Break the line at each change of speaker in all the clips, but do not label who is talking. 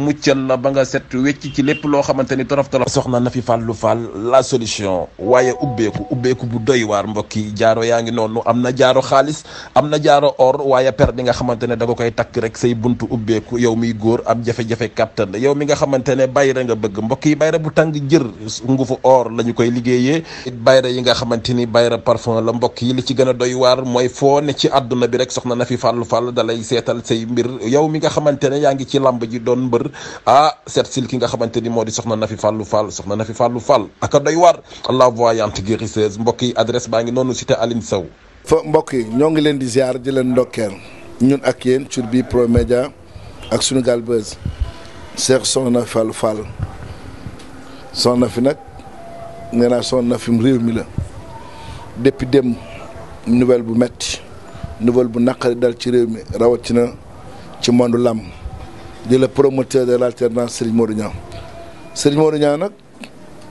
muccel la ba nga set wecc ci lépp loo xamante ni torof torof soxna na fi fàllu fàll la solution waaye ubbeeku ubbeeku bu doy waar mbokk yi jaaro yaa ngi noonu am na jaaro xaalis am na jaaro or waaye per bi nga xamante ne da nga koy takk rek say buntu ubbeeku yow mi góor am jafe-jafe kàttan yow mi nga xamante bayra nga bëgg mbokk bayra bu tàng jër ngufu or lañu koy liggéeyee bayra yi nga xamante bayra parfum la mbokk yi li ci gën a doy waar mooy foo ne ci àdduna bi rek soxna na fi fàllu fàll dalay seetal say mbir yow mi nga xamante ne ci lamb ji doon mbër ah seet sil ki nga xamante ni moo di soxna Nafi Fallou Fall soxna Nafi Fallou Fall aka doy waar la voyante guérisseuse mbokk yi adresse baa ngi noonu cité Aline Sow fo mbokk
yi ñoo ngi leen di ziar di leen ndokkeel ñun ak yéen sur bi Pro Média ak Sunugal Buzz Cheikh soxna Nafi Fallou Fall soxna fi nag nee naa soxna fi mu réew mi la depuis dem nouvelle bu metti nouvelle bu naqari dal ci réew mi rawatina ci monde làmb di la promoteur de l'alternance Serigne Modou Niang Serigne Modou nag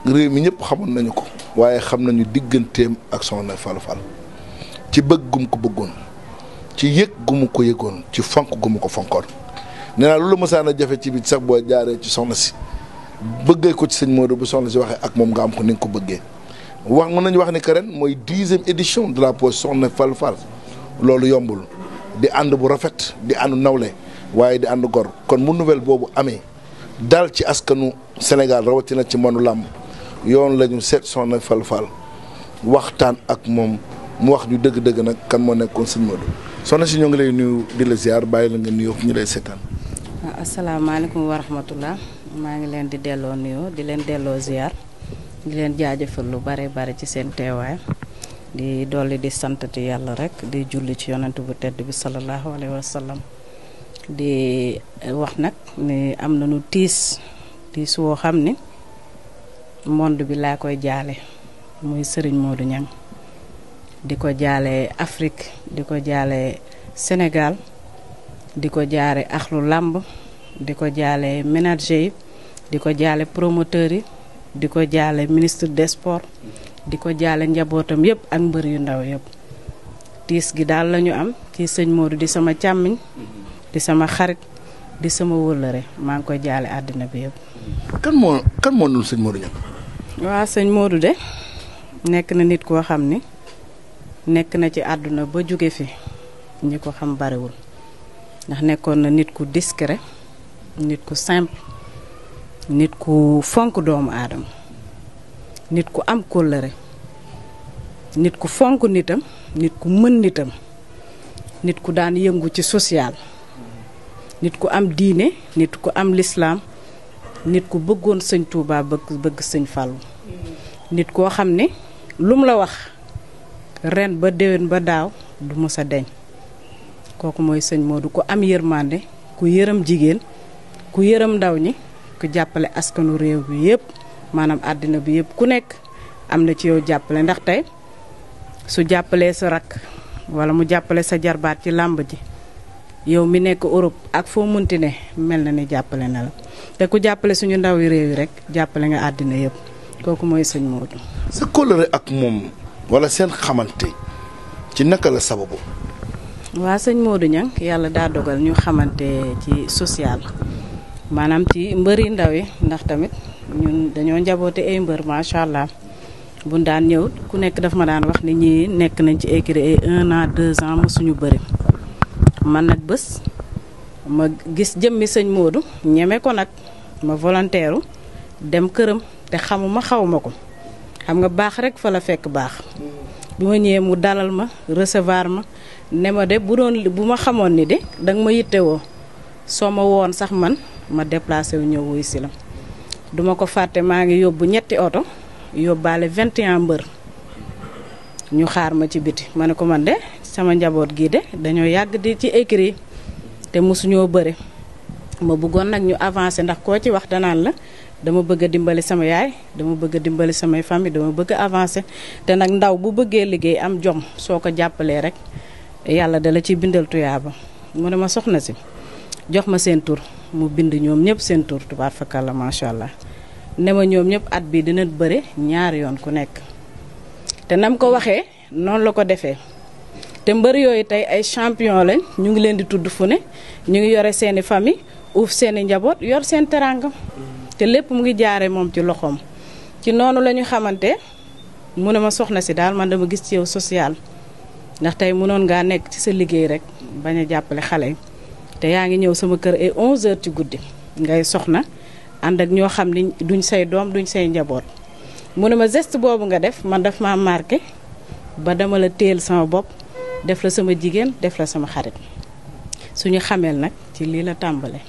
réew mi ñëpp xamoon nañu ko waaye xam nañu digganteem ak Soxna Fallou Fall ci bëgg gum ko bëggoon ci yëg gumu ko yëgoon ci fonk gumu ko fonkoon nee naa lu mosaan a jafe ci biir sax boo jaaree ci soxna si bëggee ko ci sëñ Modou bu soxna si waxee ak moom nga am ko ni nga ko bëggee wax mën nañu wax ni que mooy dixième édition de la pause soxna Fallou Fall loolu yombul di ànd bu rafet di ànd nawle waye di and gor kon mu nouvelle bobu amé dal ci askanu Sénégal rawatina ci monu lamb yoon lañu set fal fal. fal Fall waxtaan ak mom mu wax ñu deug deug nak kan mo nekkon sun Modou sonna si ñu ngi lay nuyu di la ziar bàyyi la nga nuyu ñu lay
assalamu ah, alaykum wa rahmatullah ma ngi len di delo nuyu di len delo ziar di len jaajeufal lu bare bare ci sen teway di doli di sant yalla rek di julli ci yonentou bu tedd bi sallallahu alayhi wa di eh, wax nag ne am na nu tiis tiis woo xam ni monde bi laa koy jaale muy Serigne Modou Niang di ko jaale Afrique di ko jaale Sénégal di ko jaare axlu làmb di ko jaale ménager yi di ko jaale promoteur yi di ko jaale ministre des sports di ko jaale njabootam yëpp ak mbër yu ndaw yëpp tiis gi daal la am ci sëñ Modou di sama càmmiñ di sama xarit di sama wëllëre maa ngi koy jaale àddina bi yëpp.
kan moo kan moo dul sëñ Modou Niang.
waaw sëñ Modou de nekk na nit koo xam ni nekk na ci àdduna ba jóge fi ñi ko xam bariwul ndax nekkoon na nit ku discret nit ku simple nit ku fonk doomu aadama nit ku am kóllëre nit ku fonk nitam nit ku mën nitam nit ku daan yëngu ci social. nit ku am diine nit ku am lislaam nit ku bëggoon sëñ Touba bëgg bëgg sëñ Fallou nit koo xam ne lum la wax ren ba déwén ba daaw du mës a deñ kooku mooy sëñ Modou ku am yërmande ku yërëm jigéen ku yërëm ndaw ñi ku jàppale askanu réew bi yëpp maanaam àddina bi yëpp ku nekk am na ci yow jàppale ndax tey su jàppalee sa rakk wala mu jàppale sa jarbaat ci làmb ji yow mi nekk Europe ak foo munti ne mel na ni jàppale na la te ku jàppale suñu ndaw yi réew yi rek jàppale nga àddina yëpp kooku mooy sëñ Modou.
sa kóllëre ak moom wala seen xamante ci naka la sababu.
waa sëñ moodu Niang yàlla daa dogal ñu xamante ci social maanaam ci mbër mbëri ndaw yi ndax tamit ñun dañoo njaboote ay mbër macha allah. bu daan ñëw ku nekk daf ma daan wax ni ñi nekk nañ ci écrit ay un an deux ans suñu bëri man nag bés ma gis jëmmi sëñ moodu ñeme ko nag ma volontaire dem këram te xamuma xaw ma ko xam nga baax rekk fa la fekk baax. bi ma ñëwee mu dalal ma recevoir ma ne ma de bu doon li bu ma xamoon ni de danga ma yittewoo soo ma woon sax man ma déplacé wu ñëw wuy si duma ko fàtte maa ngi yóbbu ñetti oto yóbbaale 21 mbër ñu xaar ma ci biti ma ne ko man de sama njaboot gii de dañoo yàgg di ci écrit te mosuñoo bëre ma bëggoon nag ñu avancé ndax koo ci wax danaan la dama bëgg dimbali sama yaay dama bëgg dimbali samay famille dama bëgg avancé te nag ndaw bu bëggee liggéey am jom soo ko jàppalee rek yàlla dala ci bindal tuyaaba mu ne ma soxna si jox ma seen tur mu bind ñoom ñëpp seen tur tubaar fakalla macha allah ne ma ñoom ñëpp at bii dina bëre ñaari yoon ku nekk te nam ko waxee noonu la ko defee. te mbër yooyu tey ay champion lañ ñu ngi leen di tudd fu ne ñu ngi yore seeni famille uuf seeni njaboot yor seen teranga te lépp mu ngi jaare moom ci loxoom ci noonu la ñu xamante mu ne ma soxna si daal man dama gis ci yow social ndax tey mënoon ngaa nekk ci sa liggéey rek bañ a jàppale xale yi te yaa ngi ñëw sama kër ay 11h ci guddi ngay soxna ànd ak ñoo xam ni duñ say doom duñ say njaboot mu ne ma geste boobu nga def man daf ma marqué ba dama la téel sama bopp def la sama jigen def la sama xarit suñu xamel nak ci li la tambalé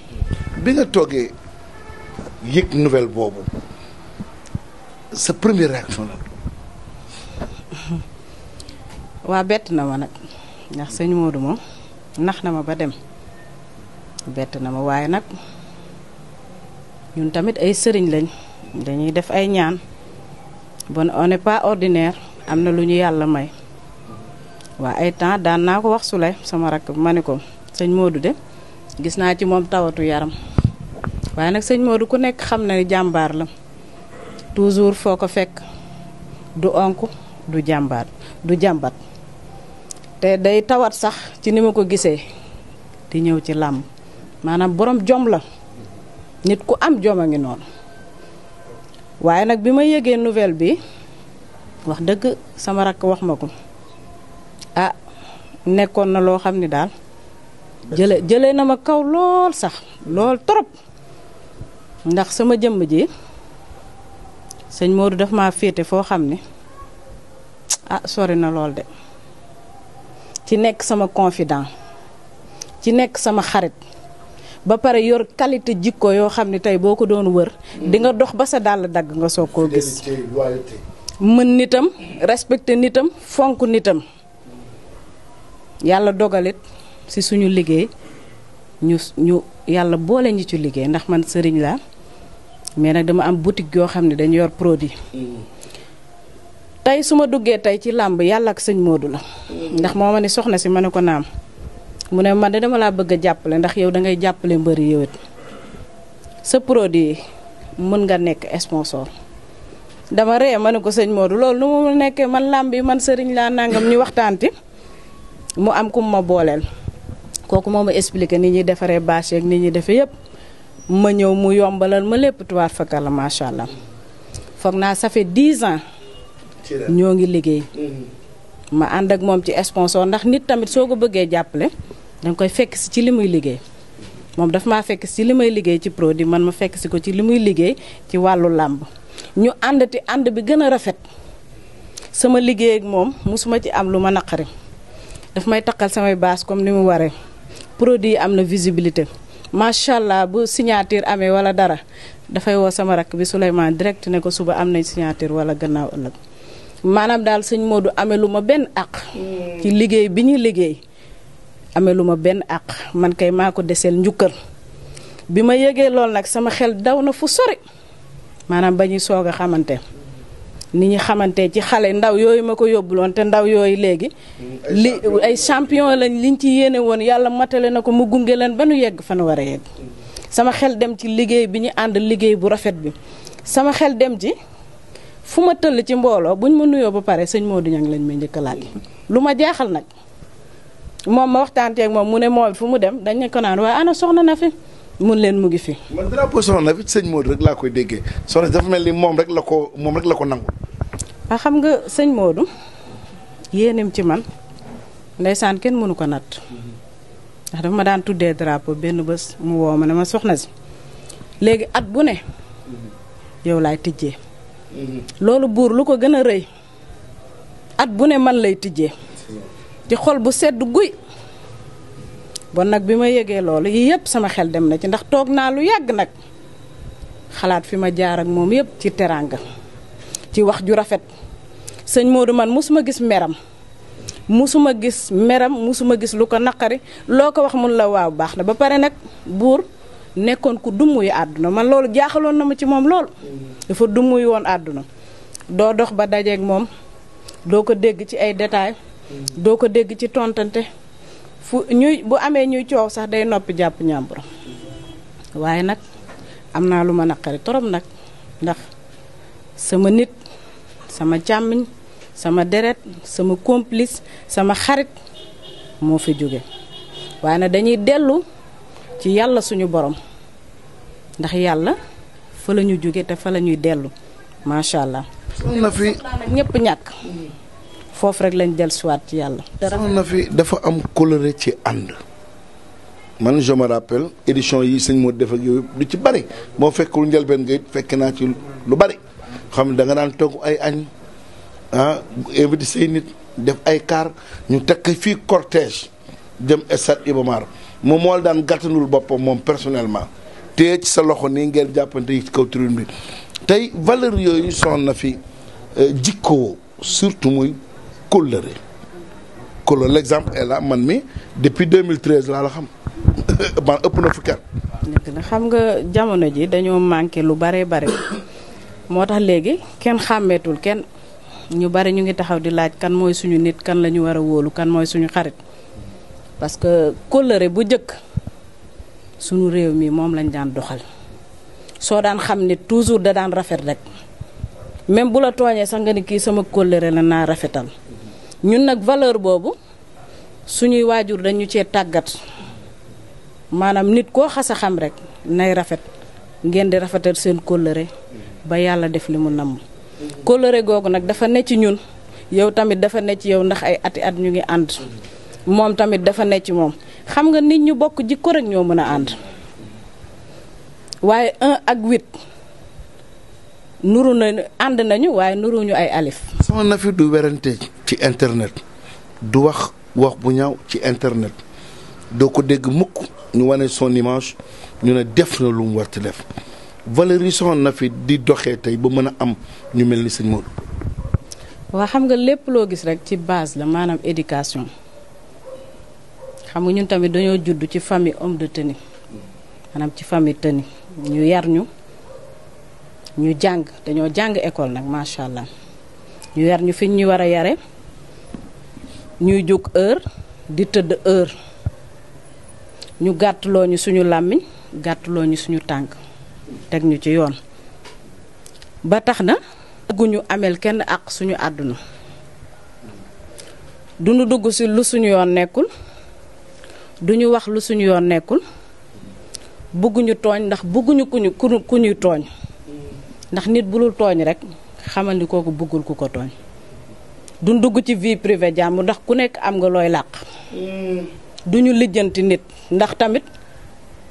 bi nga togué yek nouvelle bobu sa première réaction la
wa bet na ma nak ndax señ Modou mo nax na ma ba dem bet na ma waye nak ñun tamit ay sëriñ lañ dañuy def ay ñaan bon on n'est pas ordinaire amna luñu yalla may wa ay tan da na ko wax sulay sama rak maniko seigne Modou de gis na ci mom tawatu yaram way nak seigne Modou ku nek xamna na ni jàmbaar la toujours foko fek du onku du jambar du jambat te day tawat sax ci nima ko gisee di ñew ci lam manam borom jom la nit ku am joma ngi non waye nak bi ma nouvelle bi wax deug sama rak wax ah nekkon na lo xamni ne jele jele na ma kaw lol sax lol trop ndax sama jëm ji seigne Modou daf ma fété fo xamni ah sori na lol de ci nek sama confident ci nek sama xarit ba pare yor qualité jikko yo xamni tay boko boo doon wër di nga dox ba sa dal dag nga soko gis mën nitam respecté nitam fonku nitam yalla dogalit si suñu liggéey ñu ñu yalla boole ñi ci liggéey ndax man sëriñ la mais nak dama am boutique yo xamni dañ yor produit tay suma duggé tay ci lamb yalla ak sëñ Modou la ndax moma ni ne soxna ci mané ko naam mu man dama la bëgg jappalé ndax yow da ngay jappalé mbeur yewet sa produit mën nga nek sponsor dama ré mané ko sëñ Modou lool nu mu nekkee man lamb yi man sëriñ la nangam ñu waxtaanti mu am kum ma bolel koku moma expliquer ni ñi défaré bâche ak ni ñi défé yépp ma ñew mu yombalal ma lépp tuwaat fakka ma sha allah fokk na ça fait 10 ans ñoo ngi liggéey mhm. ma and ak mom ci sponsor ndax nit tamit soko ko jappalé dang koy fekk ci limuy liggéey mom daf ma fekk ci liggéey ci produit man ma fekk ci ko ci limuy liggéey ci walu lamb ñu andati and bi gëna rafet sama liggéey ak mom, musuma ci am luma ma naqari daf may taqal samay baas comme ni mu waree produit yi am na visibilité macha allah bu signature amee wala dara dafay woo sama rakk bi Souleymane direct ne ko suba am nañ signature wala gannaaw ëllëg maanaam daal sëñ Modou amee lu ma benn àq. Hmm. ci liggéey bi ñuy liggéey amee lu ma benn àq man kay maa ko deseel njukkal bi ma yëgee lool nag sama xel daw na fu sori maanaam ba ñuy soog a xamante. ni ñu xamante ci xale ndaw yooyu ma ko yóbbuloon te ndaw yooyu léegi. li ay champion lañ liñ ci yéene woon yàlla matale na ko mu gunge leen ba nu yegg fa nu war a yegg. sama xel dem ci liggéey bi ñu ànd liggéey bu rafet bi sama xel dem ji fu ma tëll ci mbooloo bu buñ ma nuyoo ba pare sëñ Modou Niang lañ may njëkk a laaj lu ma jaaxal nag moom ma waxtaanteeg moom mu ne moom fu mu dem dañ ne ko naan waaye ana soxna na fi. mun leen mu ngi fi.
sëñ Modou rek laa koy déggee soxna dafa mel ni moom ko moom rek la ko nangu.
a ah, xam nga sëñ Modou yéenem ci man ndeysaan kenn mënu ko natt ndax dafa ma daan tuddee drapeau benn bés mu ma ne ma soxna at bu ne yow laay tijjee loolu buur lu ko at bu ne man lay tijjee di xol bu sedd guy bon nag bi ma yëgee loolu sama xel dem na ci ndax toog naa lu yàgg nag xalaat fi ma jaar ak ci teranga ci wax ju rafet sëñ Modou man mosuma gis meram mosuma gis meram mosuma gis lu ko naqari loo ko wax mun la waaw baax na ba pare nag buur nekkoon ku dummuyu àdduna man loolu jaaxaloon na ma ci moom loolu dafa dummuyu woon àdduna doo dox ba dajeeg moom doo ko dégg ci ay détails doo ko dégg ci tontante fu ñuy bu amee ñuy coow sax day noppi jàpp ñàmburam waaye nag am naa lu ma naqari torop nag ndax sama nit sama càmmiñ sama deret sama complice sama xarit moo fi jóge waaye nag dañuy dellu ci yàlla suñu borom ndax yàlla fa la ñu jóge te fa la ñuy dellu macha allah. soxna fi ñëpp ñàkk foofu rek lañ del suwaat ci yàlla. soxna fi
dafa am coloré ci ànd. man je me rappelle édition yi sëñ moo def ak yooyu du ci bari boo fekkul njëlbeen nga it fekk naa ci lu bari. xam ne da nga daan togg ay añ ah invité say nit def ay kaar ñu tekk fii cortège dem stade Iba moom moo daan gàttanul boppam moom personnellement te ci sa loxo nii ngeen jàppante ci kaw tribune bi tey valeur yooyu sonn na fi eh, jikkoo surtout muy kóllëre kóllëre l'exemple est là man mi depuis 2013 laa la xam man ëpp na fukki
xam nga jamono ji dañoo manqué lu bare bare moo tax léegi kenn xàmmeetul kenn ñu bari ñu ngi taxaw di laaj kan mooy suñu nit kan la ñu war a wóolu kan mooy suñu xarit parce que kóllëre bu njëkk suñu réew mii moom lañ daan doxal soo daan xam ne toujours da daan rafet rek même bu la tooñee sax nga ni kii sama kóllëre la naa rafetal ñun nag valeur boobu suñuy waajur dañu cee tàggat maanaam nit koo xas xam rek nay rafet ngeen di rafetal seen kóllëre ba yàlla def li mu namm kóllëre googu nag dafa nekk ci ñun yow tamit dafa ne ci yow ndax ay ati at ñu ngi ànd moom tamit dafa nekk ci moom xam nga nit ñu bokk ji rek ñoo mën a ànd waaye un ak huit nuru nañu ànd nañu waaye nuruñu ay alif. sama
nafit du werante ci internet du wax wax bu ñaw ci internet doo ko dégg mukk ñu wane son image ñu ne def na lu mu war def. valeur yi na fi di doxee tey ba mën a am ñu mel ni sëñ Modou.
waa xam nga lépp loo gis rek ci base la maanaam éducation xam nga ñun tamit dañoo judd ci famille homme de tenue maanaam ci famille tenue ñu yar ñu ñu jàng dañoo jàng école nag macha allah ñu yar ñu fi ñuy war a yare ñuy jóg heure di tëdd heure ñu gàttaloo ñu suñu làmmiñ gàttaloo ñu suñu tànk. teg ñu ci yoon ba tax na bëgguñu ameel kenn ak suñu àdduna duñu dugg ci lu suñu yoon nekkul duñu wax lu suñu yoon nekkul bëgguñu tooñ ndax bëgguñu kuñu ku ñuy tooñ ndax nit bu bulul tooñ rek xamal ni kooku bëggul ku ko tooñ duñ dugg ci vie privée jàmm ndax ku nekk am nga looy làq mm. duñu lijjanti nit ndax tamit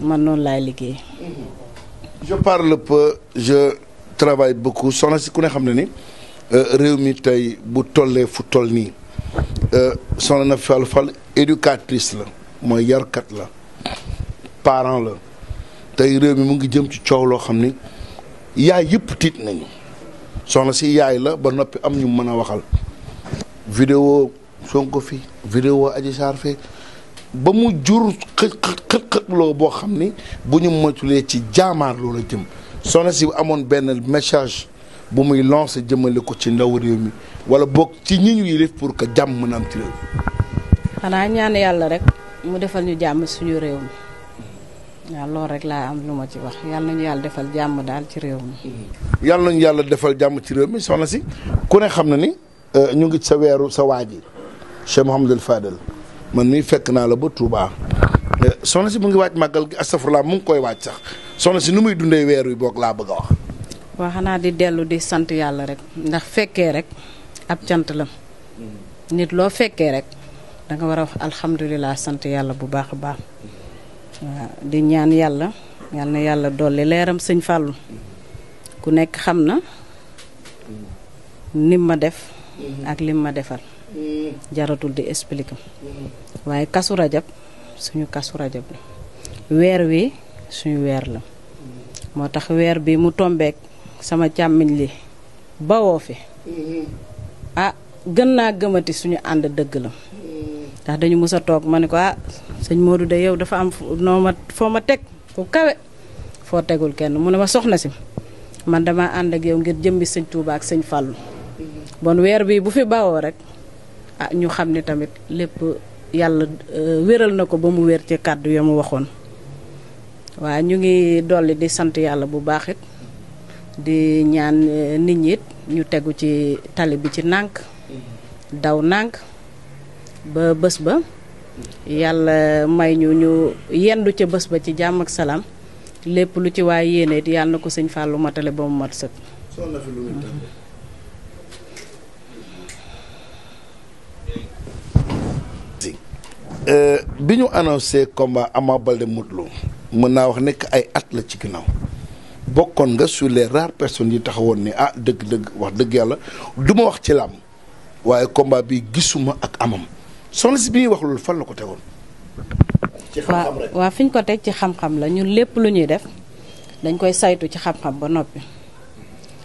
man non mhm.
je parle peu je travaille beaucoup soxna si ku ne xam ne ni euh, réew mi tey bu euh, na éducatrice la mooy yarkat la parent la tey réew mu ngi jëm ci coow loo xam yaay yëpp tiit la ba noppi am ñu mën vidéo son fi vidéo ba mu jur xë xë xëtloo boo xam ni bu ñu moytulee ci jaamaar loola jëm soxna si amoon benn message bu muy lancé jëmale ko ci ndaw réew mi wala boog ci ñi ñu yilif pour que jàmm mën a am ci réew mi.
xanaa ñaan yàlla rek mu defal ñu jàmm suñu réew mi waaw loolu rek laa am lu ma ci wax yàlla nañu yàlla defal jàmm daal ci réew mi.
yàlla nañu yàlla defal jàmm ci réew mi soxna si ku ne xam na ni euh, ñu ngi sa weeru sa waaj yi Cheikh Mouhamadul Fadel. man mi fekk na la ba Touba eh, soxna si mu ngi waaj màggal gi astafurlaa mu ngi koy sax soxna si nu muy dundee weer wi boog bëgg
wax. di dellu di sant yàlla rek ndax fekkee rek ab cant la hmm. nit loo fekkee rek da nga war wax alhamdulilah sant yàlla bu baax baax di ñaan yàlla yal na yàlla dolli leeram sëñ Fallou ku nekk xam na hmm. ma def hmm. ak lim ma defal. Mm-hmm. jaratul di expliquer waaye kasu rajab suñu kasu rajab la weer wi suñu weer la mm-hmm. moo tax weer bi mu tombeek sama càmmiñ li bawoo fi mm-hmm. ah gën naa gëmati suñu ànd dëgg la ndax dañu mës a toog ma ne ko ah sëñ Modou de yow dafa am noo ma foo ma teg ku kawe foo tegul kenn mu ne ma soxna si man dama ànd ak yow ngir jëmbi sëñ Touba ak sëñ Fallou bon weer bi bu fi bawoo rek Ah, ñu xamni le tamit lepp yalla euh, wéral nako ba mu wër ci kàddu ya waxon wa ñu ngi doli di sant yalla bu baax di ñaan euh, nit ñi ñu teggu ci tali bi ci nank daw nank ba bés ba yalla may ñu ñu yendu ci bés ba ci jamm ak salam lepp lu ci way yene it yàlla na ko matale ba mu mat
Euh, bi ñu annoncé combat Ama Baldé Modou Lô mën naa wax nekk ay at la ci ginnaaw bokkoon nga sur les rares personnes yi woon ni ah dëgg-dëgg wax dëgg yàlla du ma wax ci làmb waaye combat bi gisuma ak amam soxna si bi ñuy wax loolu fan la ko tegoon.
ci xam fi ñu ko teg ci xam-xam la ñun lépp lu ñuy def dañ koy saytu ci xam-xam ba noppi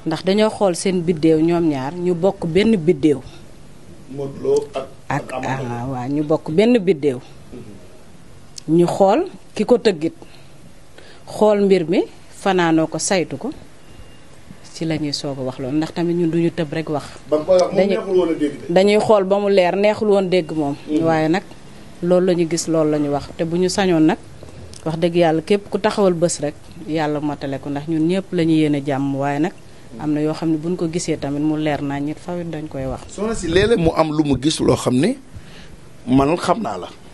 ndax dañoo xool seen biddéew ñoom ñaar ñu bokk benn biddéew. waaw ñu bokk benn biddéew ñu xool ki ko tëggit xool mbir mi fanaanoo ko saytu ko ci lañuy ñuy soog a wax loolu ndax tamit ñun duñu tëb rekk wax dañuy xool ba mu leer neexul woon dégg moom mm-hmm. waaye nag loolu la ñu gis loolu la ñu wax te bu ñu sañoon nag wax dëgg yàlla képp ku taxawal bés rek yàlla matale ko ndax ñun ñëpp la ñu yéene jàmm waaye nag am na yoo xam ne buñ ko gisee tamit mu leer naa ñit fawit dañ koy wax
mu am lu mu gis loo xam ne man xam naa la